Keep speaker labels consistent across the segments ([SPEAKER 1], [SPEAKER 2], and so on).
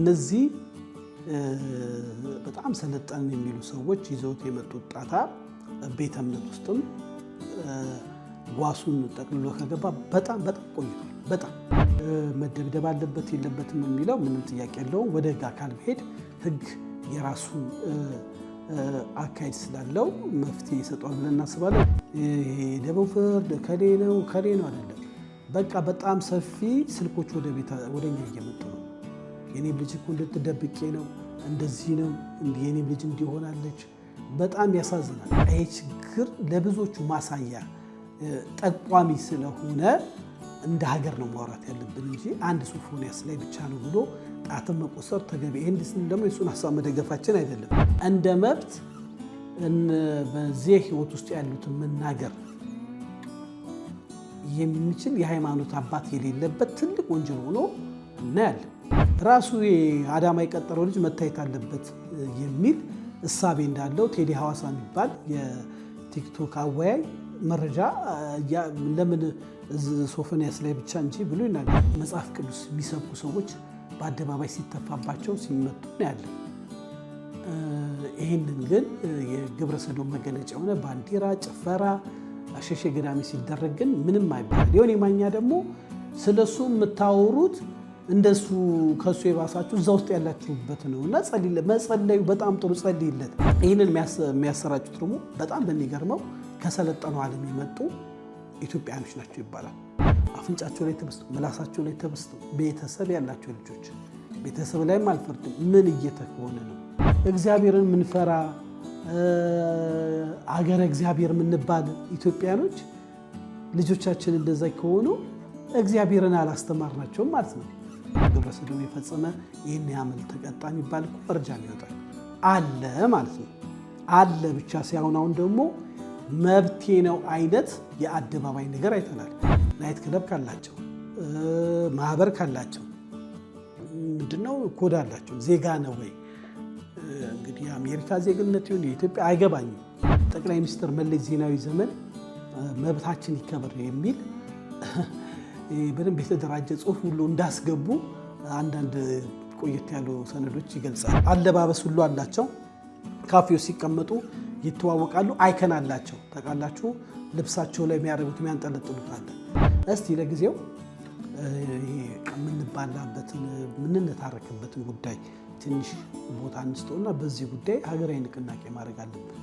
[SPEAKER 1] እነዚህ በጣም ሰለጠን የሚሉ ሰዎች ይዘውት የመጡት ጣታ ቤተ እምነት ውስጥም ጓሱን ጠቅልሎ ከገባ በጣም በጣም ቆይቷል። በጣም መደብደብ አለበት የለበትም የሚለው ምንም ጥያቄ የለውም። ወደ ህግ አካል መሄድ ህግ የራሱ አካሄድ ስላለው መፍትሄ ይሰጧል ብለን እናስባለን። ይሄ ደቡብ ፍርድ ከሌ ነው ከሌ ነው አይደለም። በቃ በጣም ሰፊ ስልኮች ወደ እኛ እየመጡ ነው። የኔ ልጅ እኮ እንድትደብቄ ነው እንደዚህ ነው የኔ ልጅ እንዲሆናለች በጣም ያሳዝናል። ይሄ ችግር ለብዙዎቹ ማሳያ ጠቋሚ ስለሆነ እንደ ሀገር ነው ማውራት ያለብን እንጂ አንድ ሶፎንያስ ላይ ብቻ ነው ብሎ ጣትን መቆሰር ተገቢ። ይህን ደግሞ የሱን ሀሳብ መደገፋችን አይደለም። እንደ መብት በዚህ ህይወት ውስጥ ያሉትን መናገር የሚችል የሃይማኖት አባት የሌለበት ትልቅ ወንጀል ሆኖ እናያለን። ራሱ አዳማ የቀጠረው ልጅ መታየት አለበት የሚል እሳቤ እንዳለው ቴዲ ሐዋሳ የሚባል የቲክቶክ አወያይ መረጃ ለምን ሶፎንያስ ላይ ብቻ እንጂ ብሎ ይናገራል። መጽሐፍ ቅዱስ የሚሰብኩ ሰዎች በአደባባይ ሲተፋባቸው ሲመቱ ያለ ይህንን ግን የግብረ ሰዶም መገለጫ የሆነ ባንዲራ፣ ጭፈራ፣ አሸሸ ገዳሜ ሲደረግ ግን ምንም አይባል። ዮኒ የማኛ ደግሞ ስለሱ የምታወሩት እንደሱ ከሱ የባሳችሁ እዛ ውስጥ ያላችሁበት ነው እና መጸለዩ በጣም ጥሩ ጸልይለት። ይህንን የሚያሰራጩት ደግሞ በጣም በሚገርመው ከሰለጠኑ ዓለም የመጡ ኢትዮጵያኖች ናቸው ይባላል። አፍንጫቸው ላይ ተበስቶ ምላሳቸው ላይ ተበስቶ ቤተሰብ ያላቸው ልጆች ቤተሰብ ላይም አልፈርድም። ምን እየተከሆነ ነው? እግዚአብሔርን ምንፈራ አገረ እግዚአብሔር የምንባል ኢትዮጵያኖች ልጆቻችን እንደዛ ከሆኑ እግዚአብሔርን አላስተማርናቸውም ማለት ነው። ግብረ ሰዶም የፈጸመ ይህን ያህል ተቀጣ የሚባል መረጃ ይወጣል አለ ማለት ነው። አለ ብቻ ሳይሆን አሁን ደግሞ መብቴ ነው አይነት የአደባባይ ነገር አይተናል። ናይት ክለብ ካላቸው ማህበር ካላቸው ምንድነው ኮድ አላቸው። ዜጋ ነው ወይ እንግዲህ የአሜሪካ ዜግነት ይሁን የኢትዮጵያ አይገባኝም። ጠቅላይ ሚኒስትር መለስ ዜናዊ ዘመን መብታችን ይከበር የሚል በደንብ የተደራጀ ጽሁፍ ሁሉ እንዳስገቡ አንዳንድ ቆየት ያሉ ሰነዶች ይገልጻል። አለባበስ ሁሉ አላቸው። ካፌው ሲቀመጡ ይተዋወቃሉ። አይከን አላቸው። ታውቃላችሁ፣ ልብሳቸው ላይ የሚያደርጉት የሚያንጠለጥሉት አለ። እስቲ ለጊዜው የምንባላበትን የምንነታረክበትን ጉዳይ ትንሽ ቦታ አንስቶና በዚህ ጉዳይ ሀገራዊ ንቅናቄ ማድረግ አለብን።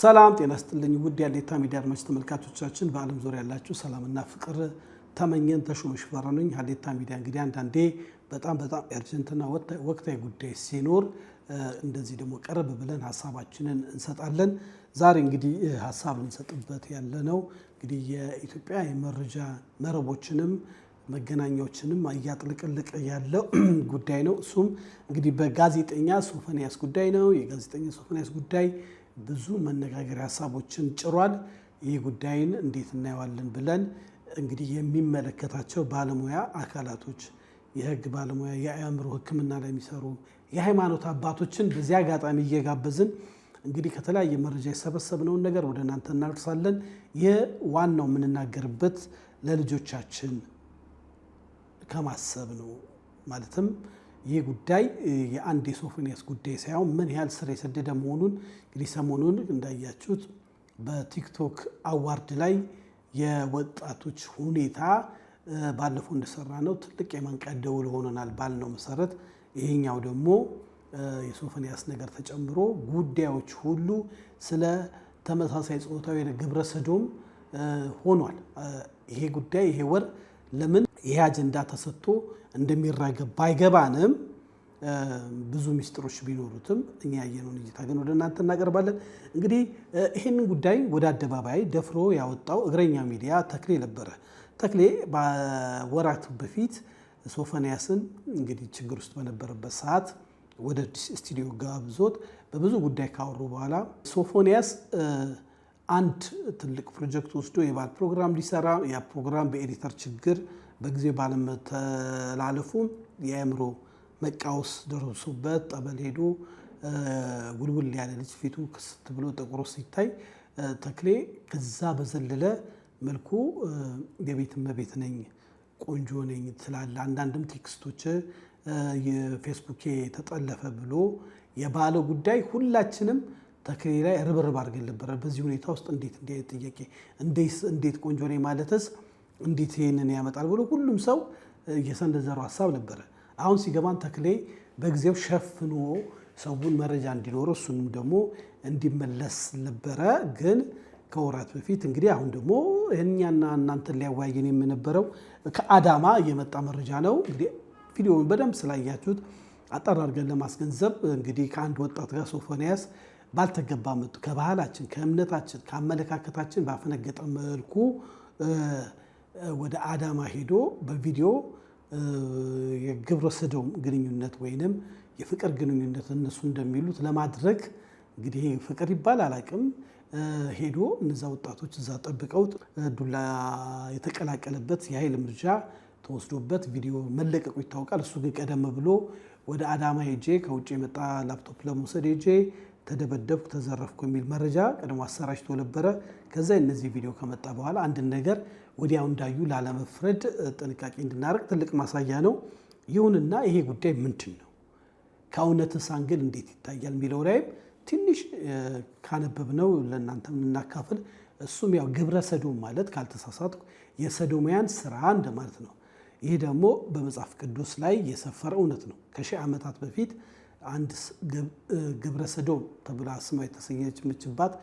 [SPEAKER 1] ሰላም ጤና ስጥልኝ ውድ የሃሌታ ሚዲያ አድማጭ ተመልካቾቻችን፣ በዓለም ዙሪያ ያላችሁ ሰላምና ፍቅር ተመኘን። ተሾመ ሽፈራው ነኝ። ሃሌታ ሚዲያ እንግዲህ አንዳንዴ በጣም በጣም ኤርጀንትና ወቅታዊ ጉዳይ ሲኖር እንደዚህ ደግሞ ቀረብ ብለን ሀሳባችንን እንሰጣለን። ዛሬ እንግዲህ ሀሳብ እንሰጥበት ያለ ነው እንግዲህ የኢትዮጵያ የመረጃ መረቦችንም መገናኛዎችንም እያጥልቅልቅ ያለው ጉዳይ ነው። እሱም እንግዲህ በጋዜጠኛ ሶፎንያስ ጉዳይ ነው። የጋዜጠኛ ሶፎንያስ ጉዳይ ብዙ መነጋገሪያ ሀሳቦችን ጭሯል። ይህ ጉዳይን እንዴት እናየዋለን ብለን እንግዲህ የሚመለከታቸው ባለሙያ አካላቶች የህግ ባለሙያ፣ የአእምሮ ሕክምና ላይ የሚሰሩ የሃይማኖት አባቶችን በዚያ አጋጣሚ እየጋበዝን እንግዲህ ከተለያየ መረጃ የሰበሰብነውን ነገር ወደ እናንተ እናደርሳለን። ይህ ዋናው የምንናገርበት ለልጆቻችን ከማሰብ ነው ማለትም ይህ ጉዳይ የአንድ የሶፎንያስ ጉዳይ ሳይሆን ምን ያህል ስር የሰደደ መሆኑን እንግዲህ ሰሞኑን እንዳያችሁት በቲክቶክ አዋርድ ላይ የወጣቶች ሁኔታ ባለፈው እንደሰራ ነው ትልቅ የመንቀድ ደውል ሆኖናል ባልነው መሰረት ይሄኛው ደግሞ የሶፎንያስ ነገር ተጨምሮ ጉዳዮች ሁሉ ስለ ተመሳሳይ ጾታዊ ግብረ ሰዶም ሆኗል። ይሄ ጉዳይ ይሄ ወር ለምን ይሄ አጀንዳ ተሰጥቶ እንደሚራገብ ባይገባንም ብዙ ሚስጥሮች ቢኖሩትም እኛ ያየነውን እይታ ግን ወደ እናንተ እናቀርባለን። እንግዲህ ይህንን ጉዳይ ወደ አደባባይ ደፍሮ ያወጣው እግረኛ ሚዲያ ተክሌ ነበረ። ተክሌ በወራት በፊት ሶፎንያስን እንግዲህ ችግር ውስጥ በነበረበት ሰዓት ወደ ስቱዲዮ ጋብዞት በብዙ ጉዳይ ካወሩ በኋላ ሶፎንያስ አንድ ትልቅ ፕሮጀክት ወስዶ የባህል ፕሮግራም ሊሰራ ያ ፕሮግራም በኤዲተር ችግር በጊዜ ባለመተላለፉ የአእምሮ መቃወስ ደርሶበት ጠበል ሄዶ ውልውል ያለ ልጅ ፊቱ ክስት ብሎ ጥቁሮ ሲታይ ተክሌ ከዛ በዘለለ መልኩ የቤት እመቤት ነኝ ቆንጆ ነኝ ትላለ። አንዳንድም ቴክስቶች የፌስቡኬ ተጠለፈ ብሎ የባለ ጉዳይ ሁላችንም ተክሌ ላይ ርብርብ አድርገን ነበረ። በዚህ ሁኔታ ውስጥ እንዴት እንዲህ ጥያቄ እንዴት ቆንጆ ነኝ ማለትስ እንዴት ይህንን ያመጣል ብሎ ሁሉም ሰው እየሰነዘረው ሀሳብ ነበረ። አሁን ሲገባን ተክሌ በጊዜው ሸፍኖ ሰውን መረጃ እንዲኖረው እሱንም ደግሞ እንዲመለስ ነበረ። ግን ከወራት በፊት እንግዲህ አሁን ደግሞ እኛና እናንተን ሊያወያየን የምነበረው ከአዳማ እየመጣ መረጃ ነው። እንግዲህ ቪዲዮውን በደንብ ስላያችሁት አጠር አድርገን ለማስገንዘብ እንግዲህ ከአንድ ወጣት ጋር ሶፎንያስ ባልተገባ መጡ ከባህላችን ከእምነታችን ከአመለካከታችን ባፈነገጠ መልኩ ወደ አዳማ ሄዶ በቪዲዮ የግብረ ሰዶም ግንኙነት ወይንም የፍቅር ግንኙነት እነሱ እንደሚሉት ለማድረግ እንግዲህ ፍቅር ይባል አላቅም ሄዶ እነዛ ወጣቶች እዛ ጠብቀው ዱላ የተቀላቀለበት የኃይል እርምጃ ተወስዶበት ቪዲዮ መለቀቁ ይታወቃል። እሱ ግን ቀደም ብሎ ወደ አዳማ ሄጄ ከውጭ የመጣ ላፕቶፕ ለመውሰድ ሄጄ ተደበደብኩ፣ ተዘረፍኩ የሚል መረጃ ቀድሞ አሰራጭቶ ነበረ። ከዛ እነዚህ ቪዲዮ ከመጣ በኋላ አንድን ነገር ወዲያው እንዳዩ ላለመፍረድ ጥንቃቄ እንድናደርግ ትልቅ ማሳያ ነው። ይሁንና ይሄ ጉዳይ ምንድን ነው ከእውነትስ አንግል እንዴት ይታያል የሚለው ላይም ትንሽ ካነበብ ነው ለእናንተ የምናካፍል። እሱም ያው ግብረ ሰዶም ማለት ካልተሳሳትኩ የሰዶማያን ስራ እንደማለት ነው። ይህ ደግሞ በመጽሐፍ ቅዱስ ላይ የሰፈረ እውነት ነው። ከሺህ ዓመታት በፊት አንድ ግብረ ሰዶም ተብላ ስማ የተሰየች የምችባት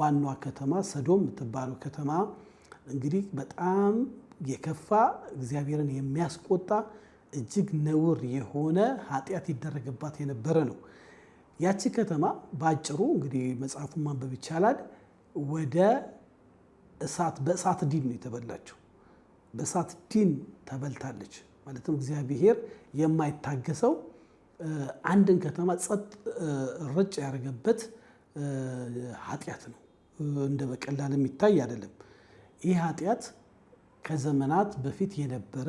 [SPEAKER 1] ዋናዋ ከተማ ሰዶም የምትባለው ከተማ እንግዲህ በጣም የከፋ እግዚአብሔርን የሚያስቆጣ እጅግ ነውር የሆነ ኃጢአት ይደረግባት የነበረ ነው። ያቺ ከተማ በአጭሩ እንግዲህ መጽሐፉን ማንበብ ይቻላል። ወደ እሳት በእሳት ዲን ነው የተበላችው። በእሳት ዲን ተበልታለች ማለትም እግዚአብሔር የማይታገሰው አንድን ከተማ ጸጥ ረጭ ያደረገበት ኃጢአት ነው። እንደ በቀላል የሚታይ አይደለም። ይህ ኃጢአት ከዘመናት በፊት የነበረ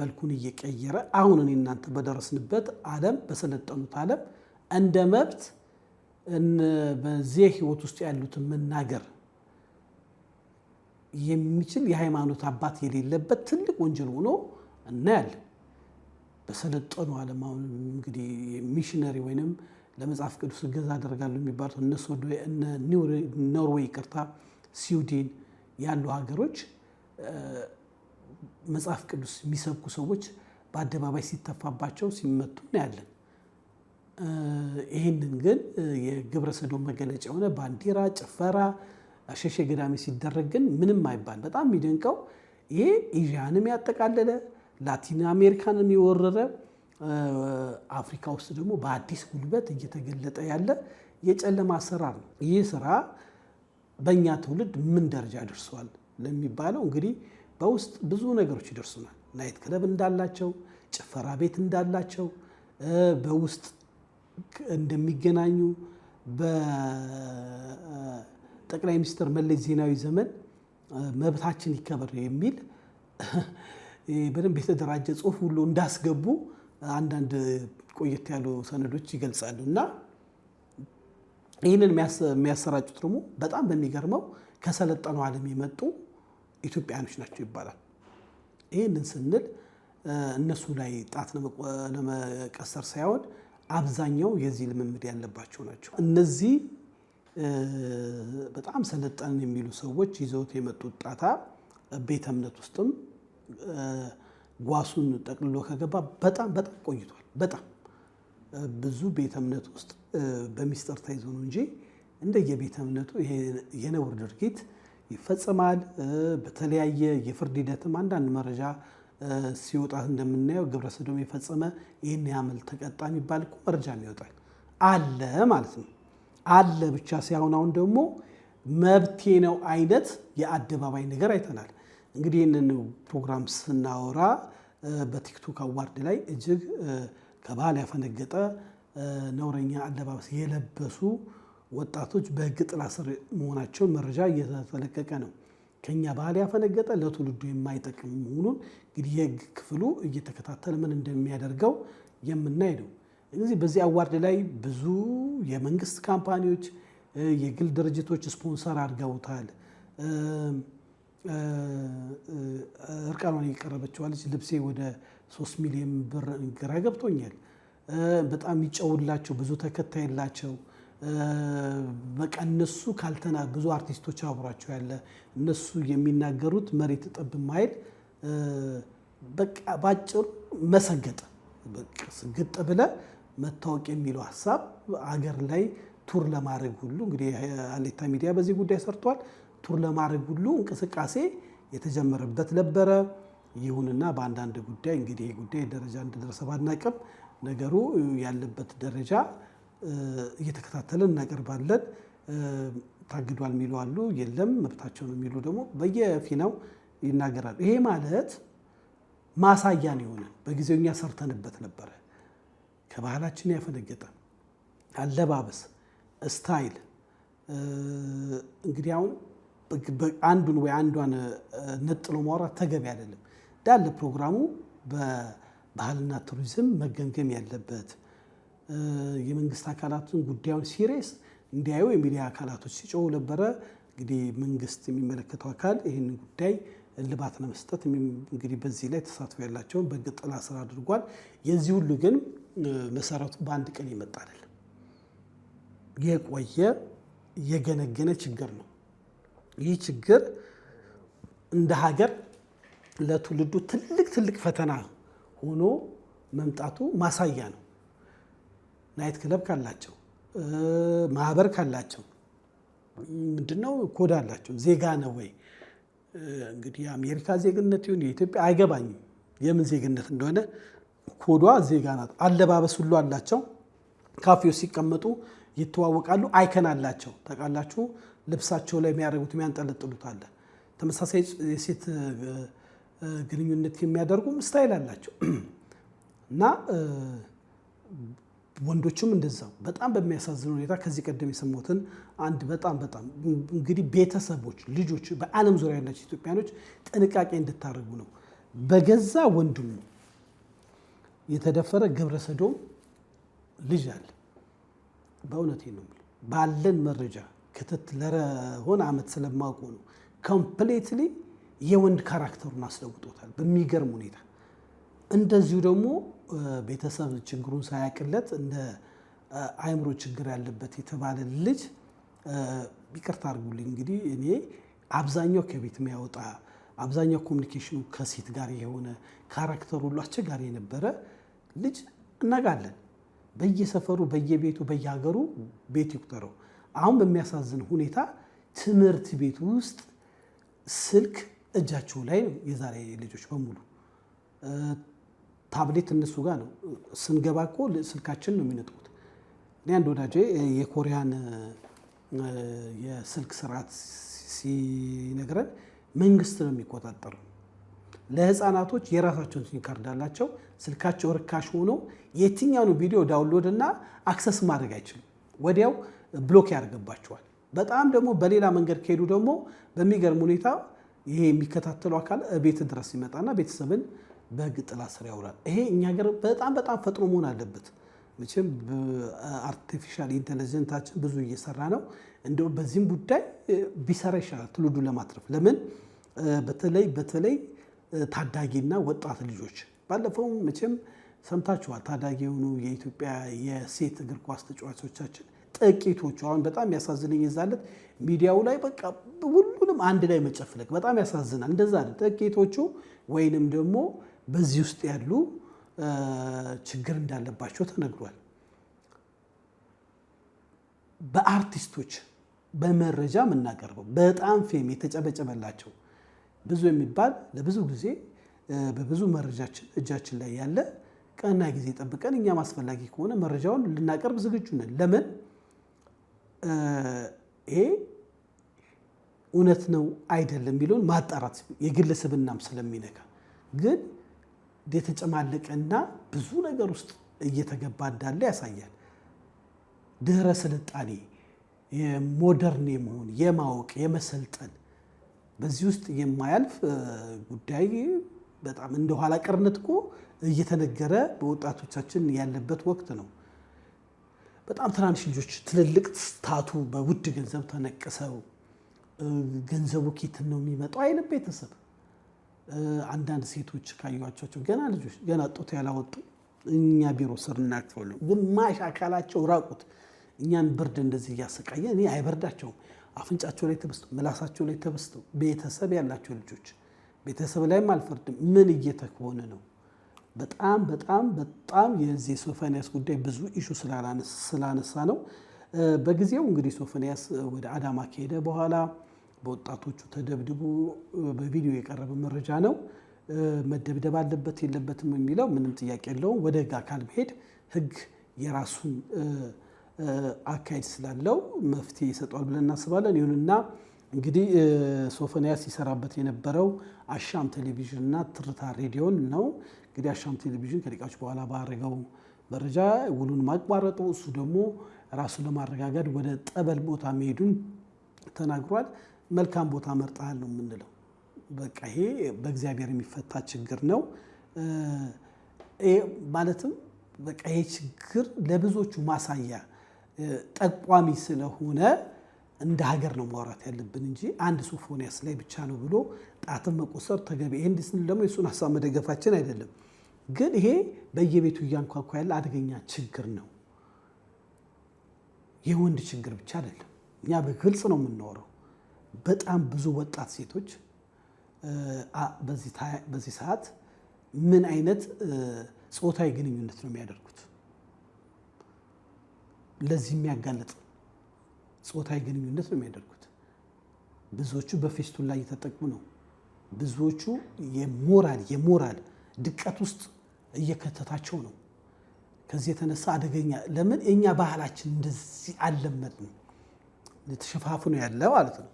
[SPEAKER 1] መልኩን እየቀየረ አሁን እኔ እናንተ በደረስንበት ዓለም በሰለጠኑት ዓለም እንደ መብት በዚህ ህይወት ውስጥ ያሉትን መናገር የሚችል የሃይማኖት አባት የሌለበት ትልቅ ወንጀል ሆኖ እናያለን። በሰለጠኑ ዓለም አሁን እንግዲህ ሚሽነሪ ወይንም ለመጽሐፍ ቅዱስ እገዛ አደርጋሉ የሚባሉት እነ ኖርዌይ፣ ቅርታ ስዊድን ያሉ ሀገሮች መጽሐፍ ቅዱስ የሚሰብኩ ሰዎች በአደባባይ ሲተፋባቸው ሲመቱ እናያለን። ይህንን ግን የግብረ ሰዶም መገለጫ የሆነ ባንዲራ፣ ጭፈራ፣ አሸሸ ገዳሜ ሲደረግ ግን ምንም አይባል። በጣም የሚደንቀው ይሄ ኢዣንም ያጠቃለለ ላቲን አሜሪካንም የወረረ አፍሪካ ውስጥ ደግሞ በአዲስ ጉልበት እየተገለጠ ያለ የጨለማ አሰራር ነው። ይህ ስራ በእኛ ትውልድ ምን ደረጃ ደርሷል ለሚባለው እንግዲህ በውስጥ ብዙ ነገሮች ይደርሱናል። ናይት ክለብ እንዳላቸው፣ ጭፈራ ቤት እንዳላቸው፣ በውስጥ እንደሚገናኙ በጠቅላይ ሚኒስትር መለስ ዜናዊ ዘመን መብታችን ይከበር የሚል በደንብ የተደራጀ ጽሁፍ ሁሉ እንዳስገቡ አንዳንድ ቆየት ያሉ ሰነዶች ይገልጻሉ እና ይህንን የሚያሰራጩት ደግሞ በጣም በሚገርመው ከሰለጠነው ዓለም የመጡ ኢትዮጵያኖች ናቸው ይባላል። ይህንን ስንል እነሱ ላይ ጣት ለመቀሰር ሳይሆን አብዛኛው የዚህ ልምምድ ያለባቸው ናቸው። እነዚህ በጣም ሰለጠን የሚሉ ሰዎች ይዘውት የመጡት ጣታ ቤተ እምነት ውስጥም ጓሱን ጠቅልሎ ከገባ በጣም በጣም ቆይቷል። በጣም ብዙ ቤተ እምነት ውስጥ በሚስጥር ተይዞ ነው እንጂ እንደየቤተ እምነቱ የነውር ድርጊት ይፈጸማል። በተለያየ የፍርድ ሂደትም አንዳንድ መረጃ ሲወጣ እንደምናየው ግብረ ሰዶም የፈጸመ ይህን ያህል ተቀጣ የሚባል እኮ መረጃም ይወጣል አለ ማለት ነው። አለ ብቻ ሳይሆን አሁን ደግሞ መብቴ ነው አይነት የአደባባይ ነገር አይተናል። እንግዲህ ይህንን ፕሮግራም ስናወራ በቲክቶክ አዋርድ ላይ እጅግ ከባህል ያፈነገጠ ነውረኛ አለባበስ የለበሱ ወጣቶች በህግ ጥላ ስር መሆናቸውን መረጃ እየተለቀቀ ነው። ከኛ ባህል ያፈነገጠ ለትውልዱ የማይጠቅም መሆኑን እንግዲህ የህግ ክፍሉ እየተከታተለ ምን እንደሚያደርገው የምናይ ነው። እንግዲህ በዚህ አዋርድ ላይ ብዙ የመንግስት ካምፓኒዎች፣ የግል ድርጅቶች ስፖንሰር አድርገውታል። እርቃኗን የቀረበችዋ ልብሴ ወደ ሶስት ሚሊዮን ብር ግራ ገብቶኛል። በጣም ይጨውላቸው ብዙ ተከታይ የላቸው በቃ እነሱ ካልተና ብዙ አርቲስቶች አብሯቸው ያለ እነሱ የሚናገሩት መሬት ጠብ ማይል በቃ ባጭሩ መሰገጠ ስግጥ ብለ መታወቅ የሚለው ሀሳብ አገር ላይ ቱር ለማድረግ ሁሉ እንግዲህ አሌታ ሚዲያ በዚህ ጉዳይ ሰርቷል። ቱር ለማድረግ ሁሉ እንቅስቃሴ የተጀመረበት ነበረ። ይሁንና በአንዳንድ ጉዳይ እንግዲህ ይህ ጉዳይ ደረጃ እንደደረሰ ባናቅም ነገሩ ያለበት ደረጃ እየተከታተለን እናቀርባለን። ታግዷል የሚሉ አሉ፣ የለም መብታቸው ነው የሚሉ ደግሞ በየፊናው ይናገራሉ። ይሄ ማለት ማሳያ ነው የሆነን በጊዜው እኛ ሰርተንበት ነበረ። ከባህላችን ያፈነገጠ አለባበስ ስታይል እንግዲህ አሁን አንዱን ወይ አንዷን ነጥሎ ማውራት ተገቢ አይደለም። ዳለ ፕሮግራሙ በባህልና ቱሪዝም መገምገም ያለበት የመንግስት አካላትን ጉዳዩን ሲሬስ እንዲያዩ የሚዲያ አካላቶች ሲጮው ነበረ። እንግዲህ መንግስት የሚመለከተው አካል ይህን ጉዳይ እልባት ለመስጠት እንግዲህ በዚህ ላይ ተሳትፎ ያላቸውን በሕግ ጥላ ስር አድርጓል። የዚህ ሁሉ ግን መሰረቱ በአንድ ቀን ይመጣ አይደለም፣ የቆየ የገነገነ ችግር ነው። ይህ ችግር እንደ ሀገር ለትውልዱ ትልቅ ትልቅ ፈተና ሆኖ መምጣቱ ማሳያ ነው። ናይት ክለብ ካላቸው ማህበር ካላቸው ምንድነው ኮድ አላቸው ዜጋ ነው ወይ እንግዲህ የአሜሪካ ዜግነት ይሁን የኢትዮጵያ አይገባኝም፣ የምን ዜግነት እንደሆነ ኮዷ ዜጋ ናት። አለባበስ ሁሉ አላቸው። ካፌው ሲቀመጡ ይተዋወቃሉ። አይከን አላቸው ታውቃላችሁ። ልብሳቸው ላይ የሚያደርጉት የሚያንጠለጥሉት አለ። ተመሳሳይ የሴት ግንኙነት የሚያደርጉም ስታይል አላቸው እና ወንዶችም እንደዛው በጣም በሚያሳዝን ሁኔታ ከዚህ ቀደም የሰማሁትን አንድ በጣም በጣም እንግዲህ ቤተሰቦች፣ ልጆች በዓለም ዙሪያ ያላቸው ኢትዮጵያኖች ጥንቃቄ እንድታደርጉ ነው። በገዛ ወንድሙ የተደፈረ ግብረ ሰዶም ልጅ አለ። በእውነት ነው ባለን መረጃ ክትት ለሆነ ዓመት ስለማውቁ ነው። ኮምፕሌትሊ የወንድ ካራክተሩን አስለውጦታል በሚገርም ሁኔታ። እንደዚሁ ደግሞ ቤተሰብ ችግሩን ሳያቅለት እንደ አእምሮ ችግር ያለበት የተባለ ልጅ ይቅርታ አድርጉልኝ እንግዲህ እኔ አብዛኛው ከቤት የሚያወጣ አብዛኛው ኮሚኒኬሽኑ ከሴት ጋር የሆነ ካራክተሩ ሁሉ አስቸጋሪ የነበረ ልጅ እናጋለን በየሰፈሩ፣ በየቤቱ፣ በየሀገሩ ቤት ይቁጠረው። አሁን በሚያሳዝን ሁኔታ ትምህርት ቤት ውስጥ ስልክ እጃቸው ላይ ነው። የዛሬ ልጆች በሙሉ ታብሌት እነሱ ጋር ነው። ስንገባ እኮ ስልካችን ነው የሚነጥቁት። እኔ አንድ ወዳጄ የኮሪያን የስልክ ስርዓት ሲነግረን መንግስት ነው የሚቆጣጠሩ። ለህፃናቶች የራሳቸውን ሲም ካርድ አላቸው። ስልካቸው ርካሽ ሆኖ የትኛውን ቪዲዮ ዳውንሎድ እና አክሰስ ማድረግ አይችልም? ወዲያው ብሎክ ያደርግባቸዋል። በጣም ደግሞ በሌላ መንገድ ከሄዱ ደግሞ በሚገርም ሁኔታ ይሄ የሚከታተሉ አካል ቤት ድረስ ይመጣና ቤተሰብን በግ ጥላ ስር ያውላል። ይሄ እኛ ገር በጣም በጣም ፈጥኖ መሆን አለበት። መቼም አርቲፊሻል ኢንቴሊጀንታችን ብዙ እየሰራ ነው። እንደው በዚህም ጉዳይ ቢሰራ ይሻላል ትውልዱን ለማትረፍ። ለምን በተለይ በተለይ ታዳጊና ወጣት ልጆች ባለፈው መቼም ሰምታችኋል። ታዳጊ የሆኑ የኢትዮጵያ የሴት እግር ኳስ ተጫዋቾቻችን ጥቂቶቹ አሁን በጣም ያሳዝነኝ የዛለት ሚዲያው ላይ በቃ ሁሉንም አንድ ላይ መጨፍለቅ በጣም ያሳዝናል። እንደዛ አለ ጥቂቶቹ ወይንም ደግሞ በዚህ ውስጥ ያሉ ችግር እንዳለባቸው ተነግሯል። በአርቲስቶች በመረጃ የምናቀርበው በጣም ፌም የተጨበጨበላቸው ብዙ የሚባል ለብዙ ጊዜ በብዙ መረጃችን እጃችን ላይ ያለ ቀና ጊዜ ጠብቀን እኛም አስፈላጊ ከሆነ መረጃውን ልናቀርብ ዝግጁ ነን። ለምን ይሄ እውነት ነው አይደለም የሚለውን ማጣራት የግለሰብናም ስለሚነካ ግን የተጨማለቀና ብዙ ነገር ውስጥ እየተገባ እንዳለ ያሳያል። ድህረ ስልጣኔ የሞደርን የመሆን የማወቅ የመሰልጠን በዚህ ውስጥ የማያልፍ ጉዳይ በጣም እንደኋላ ቀርነት እኮ እየተነገረ በወጣቶቻችን ያለበት ወቅት ነው። በጣም ትናንሽ ልጆች ትልልቅ ስታቱ በውድ ገንዘብ ተነቅሰው ገንዘቡ ኬትን ነው የሚመጣው አይነት ቤተሰብ አንዳንድ ሴቶች ካዩቸው ገና ልጆች ገና ጡት ያላወጡ እኛ ቢሮ ስር እናቸዋለ ግማሽ አካላቸው ራቁት እኛን ብርድ እንደዚህ እያሰቃየ እኔ አይበርዳቸውም። አፍንጫቸው ላይ ተበስተው ምላሳቸው ላይ ተበስተው ቤተሰብ ያላቸው ልጆች ቤተሰብ ላይም አልፈርድም። ምን እየተከሆነ ነው? በጣም በጣም በጣም የዚህ ሶፎንያስ ጉዳይ ብዙ ኢሹ ስላነሳ ነው። በጊዜው እንግዲህ ሶፎንያስ ወደ አዳማ ከሄደ በኋላ በወጣቶቹ ተደብድቦ በቪዲዮ የቀረበ መረጃ ነው። መደብደብ አለበት የለበትም የሚለው ምንም ጥያቄ የለውም። ወደ ህግ አካል መሄድ ህግ የራሱን አካሄድ ስላለው መፍትሄ ይሰጠዋል ብለን እናስባለን። ይሁንና እንግዲህ ሶፎንያስ ሲሰራበት የነበረው አሻም ቴሌቪዥንና ትርታ ሬዲዮን ነው። እንግዲህ አሻም ቴሌቪዥን ከደቂቃዎች በኋላ ባረገው መረጃ ውሉን ማቋረጡ እሱ ደግሞ ራሱን ለማረጋገድ ወደ ጠበል ቦታ መሄዱን ተናግሯል። መልካም ቦታ መርጠሃል ነው የምንለው። በቃ ይሄ በእግዚአብሔር የሚፈታ ችግር ነው ማለትም በቃ ይሄ ችግር ለብዙዎቹ ማሳያ ጠቋሚ ስለሆነ እንደ ሀገር ነው ማውራት ያለብን እንጂ አንድ ሶፎንያስ ላይ ብቻ ነው ብሎ ጣትን መቆሰር ተገቢ። ይህን ስንል ደግሞ የእሱን ሀሳብ መደገፋችን አይደለም። ግን ይሄ በየቤቱ እያንኳኳ ያለ አደገኛ ችግር ነው። የወንድ ችግር ብቻ አይደለም። እኛ በግልጽ ነው የምናወረው በጣም ብዙ ወጣት ሴቶች በዚህ ሰዓት ምን አይነት ፆታዊ ግንኙነት ነው የሚያደርጉት? ለዚህ የሚያጋለጥ ጾታዊ ግንኙነት ነው የሚያደርጉት። ብዙዎቹ በፌስቱላ እየተጠቁ ነው። ብዙዎቹ የሞራል የሞራል ድቀት ውስጥ እየከተታቸው ነው። ከዚህ የተነሳ አደገኛ ለምን የእኛ ባህላችን እንደዚህ አለመድን ተሸፋፍኖ ያለ ማለት ነው።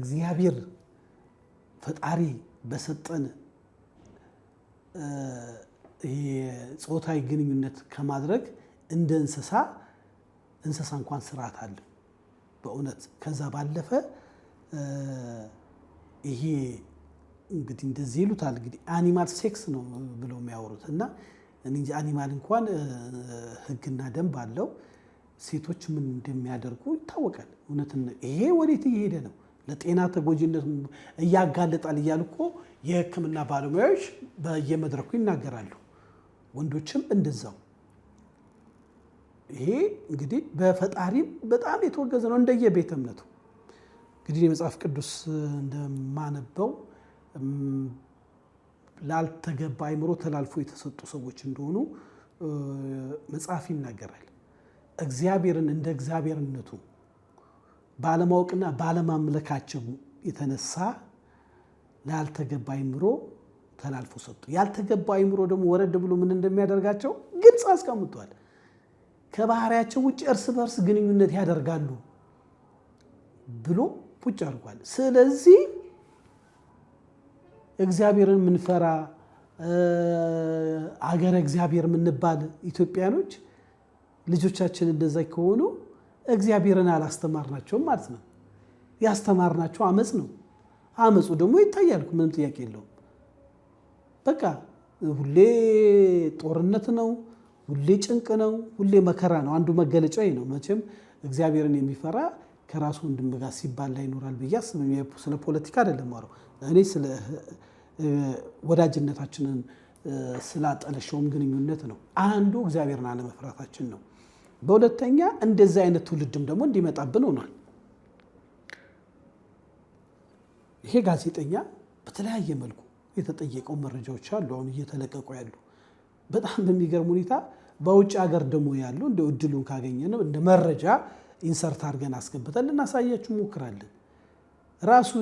[SPEAKER 1] እግዚአብሔር ፈጣሪ በሰጠን ፆታዊ ግንኙነት ከማድረግ እንደ እንስሳ እንስሳ እንኳን ስርዓት አለ በእውነት ከዛ ባለፈ ይሄ እንግዲህ እንደዚህ ይሉታል። እንግዲህ አኒማል ሴክስ ነው ብለው የሚያወሩት እና እንጂ አኒማል እንኳን ህግና ደንብ አለው። ሴቶች ምን እንደሚያደርጉ ይታወቃል። እውነት ይሄ ወዴት እየሄደ ነው? ለጤና ተጎጂነት እያጋለጣል እያሉ እኮ የህክምና ባለሙያዎች በየመድረኩ ይናገራሉ። ወንዶችም እንደዛው። ይሄ እንግዲህ በፈጣሪም በጣም የተወገዘ ነው እንደየቤተ እምነቱ እንግዲህ የመጽሐፍ ቅዱስ እንደማነበው ላልተገባ አይምሮ ተላልፎ የተሰጡ ሰዎች እንደሆኑ መጽሐፍ ይናገራል። እግዚአብሔርን እንደ እግዚአብሔርነቱ ባለማወቅና ባለማምለካቸው የተነሳ ላልተገባ አይምሮ ተላልፎ ሰጡ። ያልተገባ አይምሮ ደግሞ ወረድ ብሎ ምን እንደሚያደርጋቸው ግልጽ አስቀምጧል። ከባህሪያቸው ውጭ እርስ በእርስ ግንኙነት ያደርጋሉ ብሎ ቁጭ አድርጓል። ስለዚህ እግዚአብሔርን የምንፈራ አገረ እግዚአብሔር የምንባል ኢትዮጵያኖች ልጆቻችን እንደዛ ከሆኑ እግዚአብሔርን አላስተማርናቸውም ማለት ነው። ያስተማርናቸው አመፅ ነው። አመፁ ደግሞ ይታያል፣ ምንም ጥያቄ የለውም። በቃ ሁሌ ጦርነት ነው፣ ሁሌ ጭንቅ ነው፣ ሁሌ መከራ ነው። አንዱ መገለጫ ነው። መቼም እግዚአብሔርን የሚፈራ ከራሱ ወንድም ጋር ላይ ይኖራል ብዬ አስብም። ስለ ፖለቲካ አይደለም ማረው እኔ ስለ ወዳጅነታችንን ስላጠለሸውም ግንኙነት ነው። አንዱ እግዚአብሔርን አለመፍራታችን ነው። በሁለተኛ እንደዚህ አይነት ትውልድም ደግሞ እንዲመጣብን ሆኗል። ይሄ ጋዜጠኛ በተለያየ መልኩ የተጠየቀው መረጃዎች አሉ፣ አሁን እየተለቀቁ ያሉ በጣም በሚገርም ሁኔታ። በውጭ ሀገር ደግሞ ያሉ እንደ እድሉን ካገኘ ነው እንደ መረጃ ኢንሰርት አድርገን አስገብተን ልናሳያችሁ ሞክራለን። ራሱ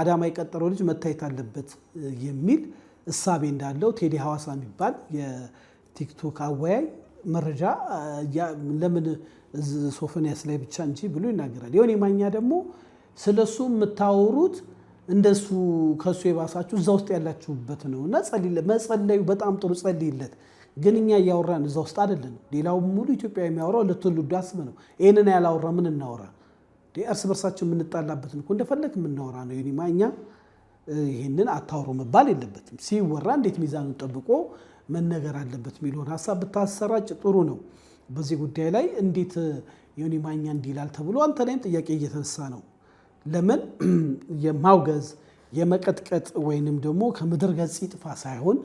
[SPEAKER 1] አዳማ የቀጠረው ልጅ መታየት አለበት የሚል እሳቤ እንዳለው ቴዲ ሐዋሳ የሚባል የቲክቶክ አወያይ መረጃ ለምን ሶፎንያስ ላይ ብቻ እንጂ ብሎ ይናገራል። የሆነ የማኛ ደግሞ ስለ እሱ የምታወሩት እንደሱ ከእሱ የባሳችሁ እዛ ውስጥ ያላችሁበት ነው እና መጸለዩ በጣም ጥሩ ጸልይለት። ግን እኛ እያወራን እዛ ውስጥ አይደለን። ሌላው ሙሉ ኢትዮጵያ የሚያወራው ለትውልዱ አስበ ነው። ይህንን ያላወራ ምን እናወራ? እርስ በርሳችን የምንጣላበትን እኮ እንደፈለግ የምናወራ ነው። ኒማ እኛ ይህንን አታውሮ መባል የለበትም። ሲወራ እንዴት ሚዛኑን ጠብቆ መነገር አለበት የሚለውን ሀሳብ ብታሰራጭ ጥሩ ነው። በዚህ ጉዳይ ላይ እንዴት ዮኒ ማኛ ተብሎ አንተ ላይም ጥያቄ እየተነሳ ነው። ለምን የማውገዝ የመቀጥቀጥ ወይንም ደግሞ ከምድር ገጽ ይጥፋ ሳይሆን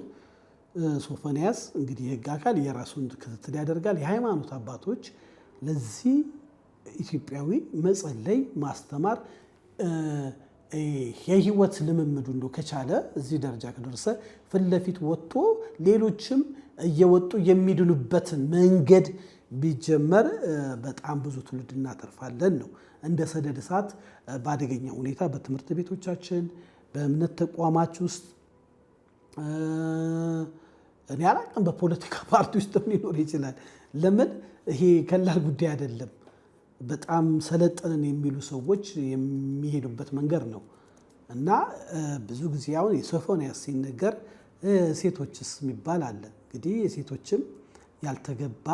[SPEAKER 1] ሶፎንያስ እንግዲህ የህግ አካል የራሱን ክትትል ያደርጋል። የሃይማኖት አባቶች ለዚህ ኢትዮጵያዊ መጸለይ፣ ማስተማር የህይወት ልምምዱ እንዶ ከቻለ እዚህ ደረጃ ከደረሰ ፊት ለፊት ወጥቶ ሌሎችም እየወጡ የሚድኑበትን መንገድ ቢጀመር በጣም ብዙ ትውልድ እናተርፋለን ነው። እንደ ሰደድ እሳት በአደገኛ ሁኔታ በትምህርት ቤቶቻችን፣ በእምነት ተቋማች ውስጥ እኔ አላቅም። በፖለቲካ ፓርቲ ውስጥም ሊኖር ይችላል። ለምን ይሄ ቀላል ጉዳይ አይደለም። በጣም ሰለጠንን የሚሉ ሰዎች የሚሄዱበት መንገድ ነው እና ብዙ ጊዜ አሁን የሶፎንያስ ሲነገር ሴቶችስ የሚባል አለ። እንግዲህ የሴቶችም ያልተገባ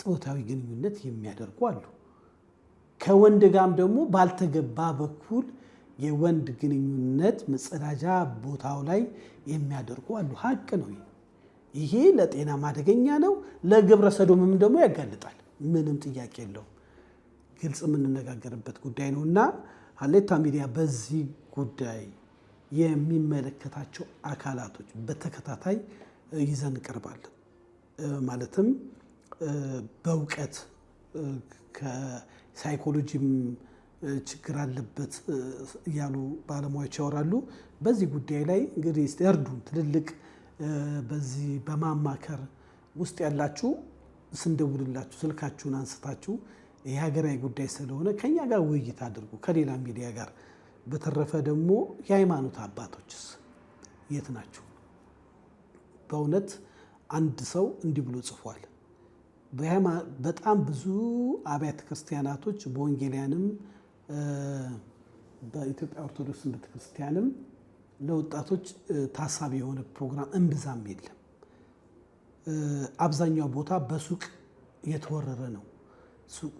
[SPEAKER 1] ጾታዊ ግንኙነት የሚያደርጉ አሉ። ከወንድ ጋርም ደግሞ ባልተገባ በኩል የወንድ ግንኙነት መጸዳጃ ቦታው ላይ የሚያደርጉ አሉ። ሀቅ ነው። ይሄ ለጤና ማደገኛ ነው። ለግብረ ሰዶምም ደግሞ ያጋልጣል። ምንም ጥያቄ የለውም። ግልጽ የምንነጋገርበት ጉዳይ ነው እና ሀሌታ ሚዲያ በዚህ ጉዳይ የሚመለከታቸው አካላቶች በተከታታይ ይዘን እንቀርባለን። ማለትም በእውቀት ከሳይኮሎጂም ችግር አለበት እያሉ ባለሙያዎች ያወራሉ። በዚህ ጉዳይ ላይ እንግዲህ እርዱን ትልልቅ በዚህ በማማከር ውስጥ ያላችሁ ስንደውልላችሁ ስልካችሁን አንስታችሁ የሀገራዊ ጉዳይ ስለሆነ ከኛ ጋር ውይይት አድርጉ ከሌላ ሚዲያ ጋር። በተረፈ ደግሞ የሃይማኖት አባቶችስ የት ናችሁ? በእውነት አንድ ሰው እንዲህ ብሎ ጽፏል። በጣም ብዙ አብያተ ክርስቲያናቶች በወንጌልያንም በኢትዮጵያ ኦርቶዶክስ ቤተክርስቲያንም ለወጣቶች ታሳቢ የሆነ ፕሮግራም እምብዛም የለም። አብዛኛው ቦታ በሱቅ የተወረረ ነው። ሱቁ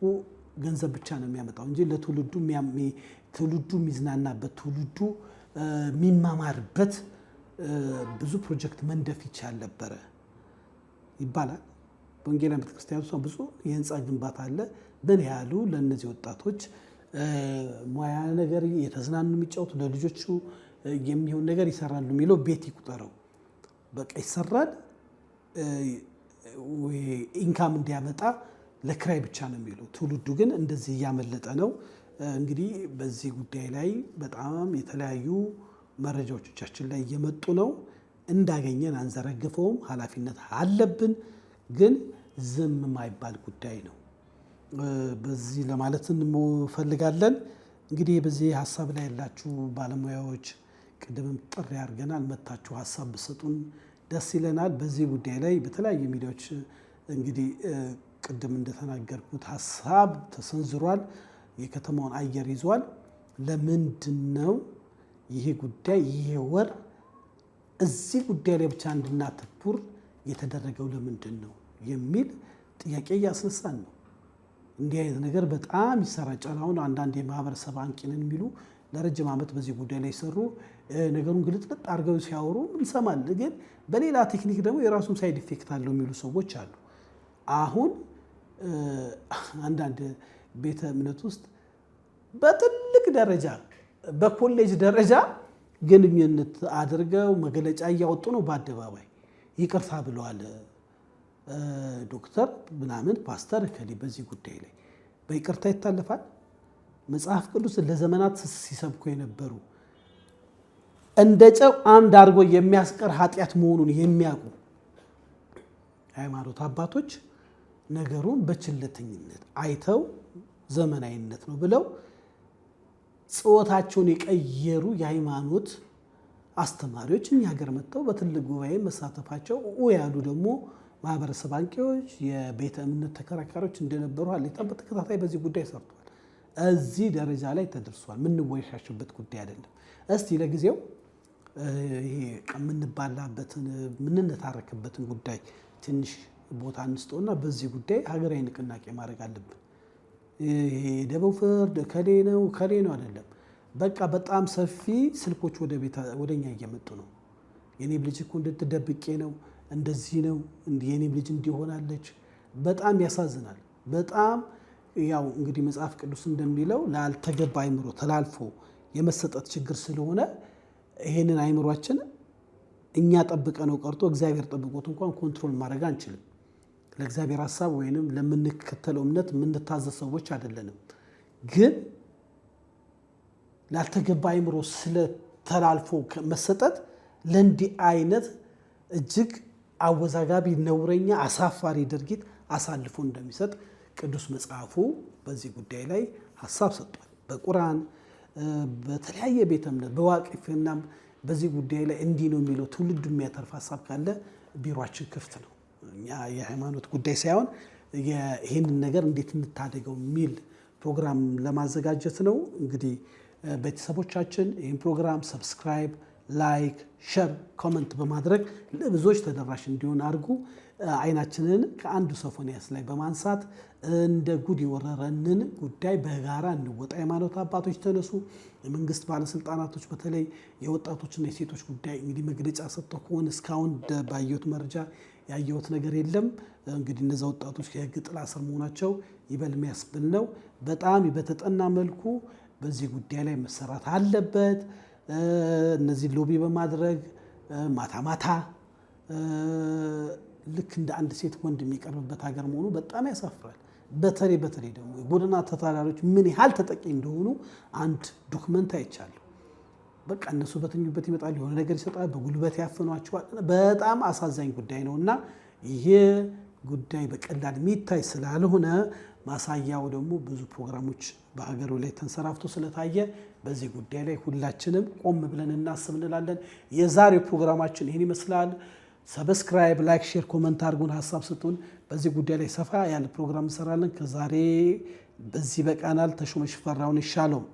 [SPEAKER 1] ገንዘብ ብቻ ነው የሚያመጣው እንጂ ለትውልዱ ትውልዱ የሚዝናናበት ትውልዱ የሚማማርበት ብዙ ፕሮጀክት መንደፍ ይቻል ነበረ ይባላል። በወንጌላ ቤተክርስቲያን ውስጥ ብዙ የህንፃ ግንባታ አለ። ምን ያህሉ ለእነዚህ ወጣቶች ሙያ ነገር የተዝናኑ የሚጫወቱ ለልጆቹ የሚሆን ነገር ይሰራሉ የሚለው ቤት ይቁጠረው። በቃ ይሰራል፣ ኢንካም እንዲያመጣ ለክራይ ብቻ ነው የሚለው። ትውልዱ ግን እንደዚህ እያመለጠ ነው። እንግዲህ በዚህ ጉዳይ ላይ በጣም የተለያዩ መረጃዎቻችን ላይ እየመጡ ነው። እንዳገኘን አንዘረግፈውም፣ ኃላፊነት አለብን። ግን ዝም የማይባል ጉዳይ ነው። በዚህ ለማለት እንፈልጋለን። እንግዲህ በዚህ ሀሳብ ላይ ያላችሁ ባለሙያዎች ቅድምም ጥሪ አድርገናል። መታችሁ ሀሳብ ብሰጡን ደስ ይለናል። በዚህ ጉዳይ ላይ በተለያዩ ሚዲያዎች እንግዲህ ቅድም እንደተናገርኩት ሀሳብ ተሰንዝሯል። የከተማውን አየር ይዟል። ለምንድን ነው ይሄ ጉዳይ ይሄ ወር እዚህ ጉዳይ ላይ ብቻ እንድናተኩር የተደረገው ለምንድን ነው የሚል ጥያቄ እያስነሳን ነው። እንዲህ አይነት ነገር በጣም ይሰራጫል። አሁን አንዳንድ የማህበረሰብ አንቂ ነን የሚሉ ለረጅም ዓመት በዚህ ጉዳይ ላይ ይሰሩ ነገሩን ግልጥልጥ አድርገው ሲያወሩ እንሰማል። ግን በሌላ ቴክኒክ ደግሞ የራሱም ሳይድ ኢፌክት አለው የሚሉ ሰዎች አሉ። አሁን አንዳንድ ቤተ እምነት ውስጥ በትልቅ ደረጃ በኮሌጅ ደረጃ ግንኙነት አድርገው መግለጫ እያወጡ ነው በአደባባይ ይቅርታ ብለዋል ዶክተር ምናምን ፓስተር እከሌ በዚህ ጉዳይ ላይ በይቅርታ ይታለፋል። መጽሐፍ ቅዱስ ለዘመናት ሲሰብኩ የነበሩ እንደ ጨው አምድ አድርጎ የሚያስቀር ኃጢአት መሆኑን የሚያውቁ ሃይማኖት አባቶች ነገሩን በችለተኝነት አይተው ዘመናዊነት ነው ብለው ጽወታቸውን የቀየሩ የሃይማኖት አስተማሪዎች እኛ ሀገር መጥተው በትልቅ ጉባኤ መሳተፋቸው ያሉ ደግሞ ማህበረሰብ አንቂዎች፣ የቤተ እምነት ተከራካሪዎች እንደነበሩ አለይታም በተከታታይ በዚህ ጉዳይ ሰርቷል። እዚህ ደረጃ ላይ ተደርሷል። የምንወሻሽበት ጉዳይ አይደለም። እስቲ ለጊዜው ይሄ የምንባላበትን የምንነታረክበትን ጉዳይ ትንሽ ቦታ እንስጠውና በዚህ ጉዳይ ሀገራዊ ንቅናቄ ማድረግ አለብን። ይሄ ደቡብ ፍርድ ከሌ ነው ከሌ ነው አይደለም። በቃ በጣም ሰፊ ስልኮች ወደ እኛ እየመጡ ነው። የኔም ልጅ እኮ እንድትደብቄ ነው እንደዚህ ነው የኔም ልጅ እንዲሆናለች። በጣም ያሳዝናል። በጣም ያው እንግዲህ መጽሐፍ ቅዱስ እንደሚለው ላልተገባ አይምሮ ተላልፎ የመሰጠት ችግር ስለሆነ ይሄንን አይምሯችን እኛ ጠብቀ ነው ቀርቶ እግዚአብሔር ጠብቆት እንኳን ኮንትሮል ማድረግ አንችልም። ለእግዚአብሔር ሀሳብ ወይንም ለምንከተለው እምነት የምንታዘዝ ሰዎች አይደለንም። ግን ላልተገባ አይምሮ ስለተላልፎ መሰጠት ለእንዲህ አይነት እጅግ አወዛጋቢ፣ ነውረኛ፣ አሳፋሪ ድርጊት አሳልፎ እንደሚሰጥ ቅዱስ መጽሐፉ በዚህ ጉዳይ ላይ ሀሳብ ሰጥቷል። በቁርአን በተለያየ ቤተ እምነት በዋቂፍና በዚህ ጉዳይ ላይ እንዲህ ነው የሚለው ትውልዱ የሚያተርፍ ሀሳብ ካለ ቢሮችን ክፍት ነው። እኛ የሃይማኖት ጉዳይ ሳይሆን ይህንን ነገር እንዴት እንታደገው የሚል ፕሮግራም ለማዘጋጀት ነው። እንግዲህ ቤተሰቦቻችን ይህን ፕሮግራም ሰብስክራይብ ላይክ፣ ሸር፣ ኮመንት በማድረግ ለብዙዎች ተደራሽ እንዲሆን አድርጉ። አይናችንን ከአንዱ ሶፎንያስ ላይ በማንሳት እንደ ጉድ የወረረንን ጉዳይ በጋራ እንወጣ። ሃይማኖት አባቶች ተነሱ፣ የመንግስት ባለስልጣናቶች በተለይ የወጣቶችና የሴቶች ጉዳይ እንግዲህ መግለጫ ሰጥተው ከሆነ እስካሁን ባየሁት መረጃ ያየሁት ነገር የለም። እንግዲህ እነዚ ወጣቶች ከህግ ጥላ ስር መሆናቸው ይበል የሚያስብል ነው። በጣም በተጠና መልኩ በዚህ ጉዳይ ላይ መሰራት አለበት። እነዚህ ሎቢ በማድረግ ማታ ማታ ልክ እንደ አንድ ሴት ወንድ የሚቀርብበት ሀገር መሆኑ በጣም ያሳፍራል። በተለይ በተለይ ደግሞ የጎዳና ተዳዳሪዎች ምን ያህል ተጠቂ እንደሆኑ አንድ ዶክመንት አይቻለሁ። በቃ እነሱ በተኙበት ይመጣል፣ የሆነ ነገር ይሰጣል፣ በጉልበት ያፍኗቸዋል። በጣም አሳዛኝ ጉዳይ ነው እና ይሄ ጉዳይ በቀላል የሚታይ ስላልሆነ ማሳያው ደግሞ ብዙ ፕሮግራሞች በሀገሩ ላይ ተንሰራፍቶ ስለታየ በዚህ ጉዳይ ላይ ሁላችንም ቆም ብለን እናስብ እንላለን። የዛሬው ፕሮግራማችን ይህን ይመስላል። ሰብስክራይብ፣ ላይክ፣ ሼር፣ ኮመንት አድርጉን፣ ሀሳብ ስጡን። በዚህ ጉዳይ ላይ ሰፋ ያለ ፕሮግራም እንሰራለን። ከዛሬ በዚህ በቃናል። ተሾመ ሽፈራውን ይሻለው